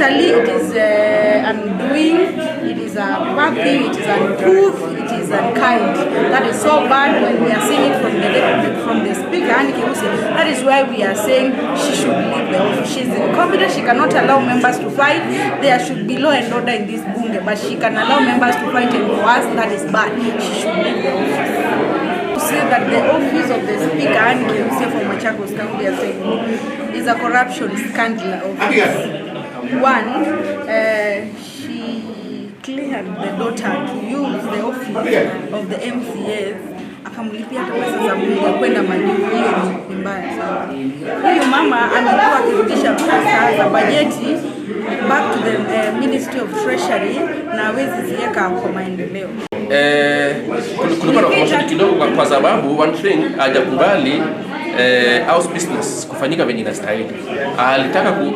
totally it is uh, undoing, it is a bad thing it is untruth, it is unkind. That is so bad when we are seeing it from the from the speaker and That is why we are saying she should leave the office. she's is incompetent. She cannot allow members to fight. There should be law and order in this bunge, but she can allow members to fight, and for us that is bad. She should leave the office say that the office of the speaker and KMC for Machakos County is a corruption scandal office one, uh, she cleared the daughter to use the office of the MCS akamlipia pesa za Mungu kwenda majuu. Hiyo ni mbaya sana. Huyu mama amekuwa akirudisha pesa za bajeti back to the uh, Ministry of Treasury na hawezi ziweka kwa maendeleo. Eh, kulikuwa na kidogo kwa sababu one thing hajakubali Eh, house business kufanyika venye inastahili. Alitaka ku,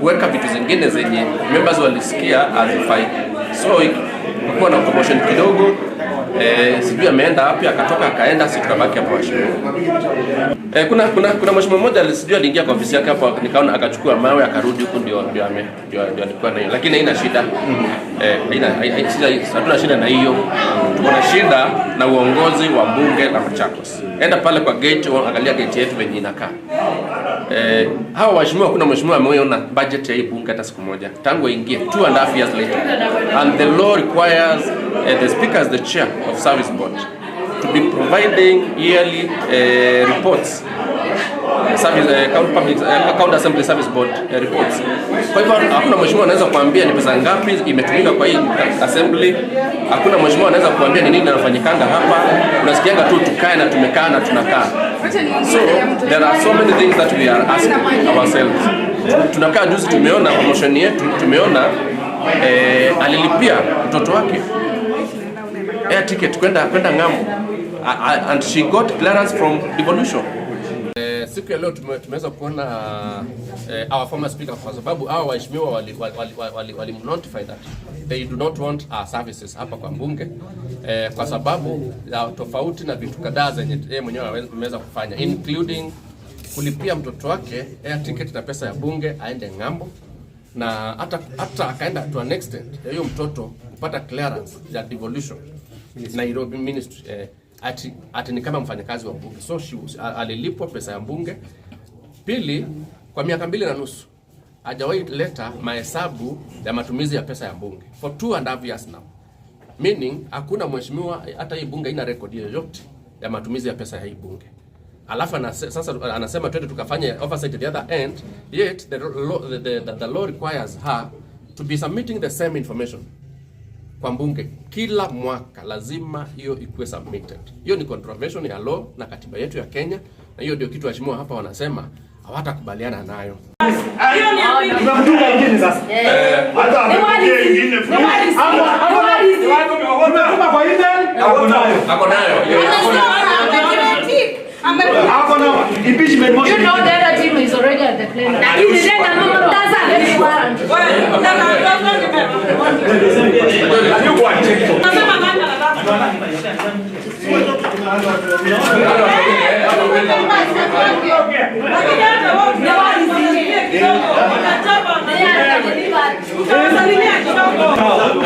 kuweka vitu zingine zenye members walisikia azifai so kukuwa na promotion kidogo Eh, sijui ameenda wapi akatoka akaenda, si tukabaki hapo Eh, kuna kuna kuna mheshimiwa mmoja sijui aliingia kwa ofisi yake hapo, nikaona akachukua mawe akarudi huko, ndio ndio ame ndio alikuwa na hiyo, lakini haina shida mm. Eh, haina hatuna shida na hiyo tuko na shida na uongozi wa bunge la Machakos. Enda pale kwa gate, angalia gate yetu venye inakaa. Eh, hawa waheshimiwa, kuna mheshimiwa ameona budget ya hii bunge hata siku moja tangu aingie two and a half years later and the law requires uh, the speaker as the chair of service board to be providing yearly uh, reports service, uh, public, uh, eh, county assembly service board uh, reports. Kwa hivyo hakuna mheshimiwa anaweza kuambia ni pesa ngapi imetumika kwa hii assembly. Hakuna mheshimiwa anaweza kuambia ni nini linafanyikanga hapa. Unasikianga tu tukae na tumekaa na tunakaa. So there are so many things that we are asking ourselves. Tunakaa juzi, tumeona promotion yetu, tumeona eh, alilipia mtoto wake air ticket kwenda kwenda ng'ambo and she got clearance from devolution siku ya leo tumeweza kuona eh, our former speaker kwa sababu hawa waheshimiwa walimnotify wali, wali, wali, wali that they do not want our services hapa kwa bunge eh, kwa sababu ya tofauti na vitu kadhaa zenye yeye mwenyewe ameweza kufanya including kulipia mtoto wake air ticket na pesa ya bunge aende ng'ambo na hata hata akaenda to an extent ya huyo mtoto kupata clearance ya devolution Nairobi ministry eh, ati, ati ni kama mfanyakazi wa mbunge So she alilipwa pesa ya mbunge. Pili, kwa miaka mbili na nusu hajawahi leta mahesabu ya matumizi ya pesa ya mbunge for two and a half years now, meaning hakuna mheshimiwa, hata hii bunge haina rekodi yoyote ya matumizi ya pesa ya hii bunge. Alafu anase, sasa anasema twende tukafanye oversight at the other end, yet the law, the, the, the, the law requires her to be submitting the same information kwa mbunge kila mwaka, lazima hiyo ikuwe submitted. Hiyo ni contravention ya law na katiba yetu ya Kenya, na hiyo ndio kitu waheshimiwa hapa wanasema hawatakubaliana nayo.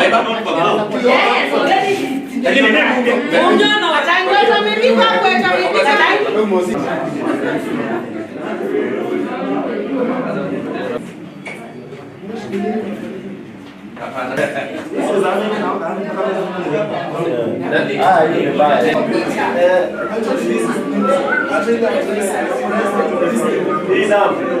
này Unyono, changoza mipika kwetu, mipika Ah, hii ni mbaya. Eh, hii ni mbaya.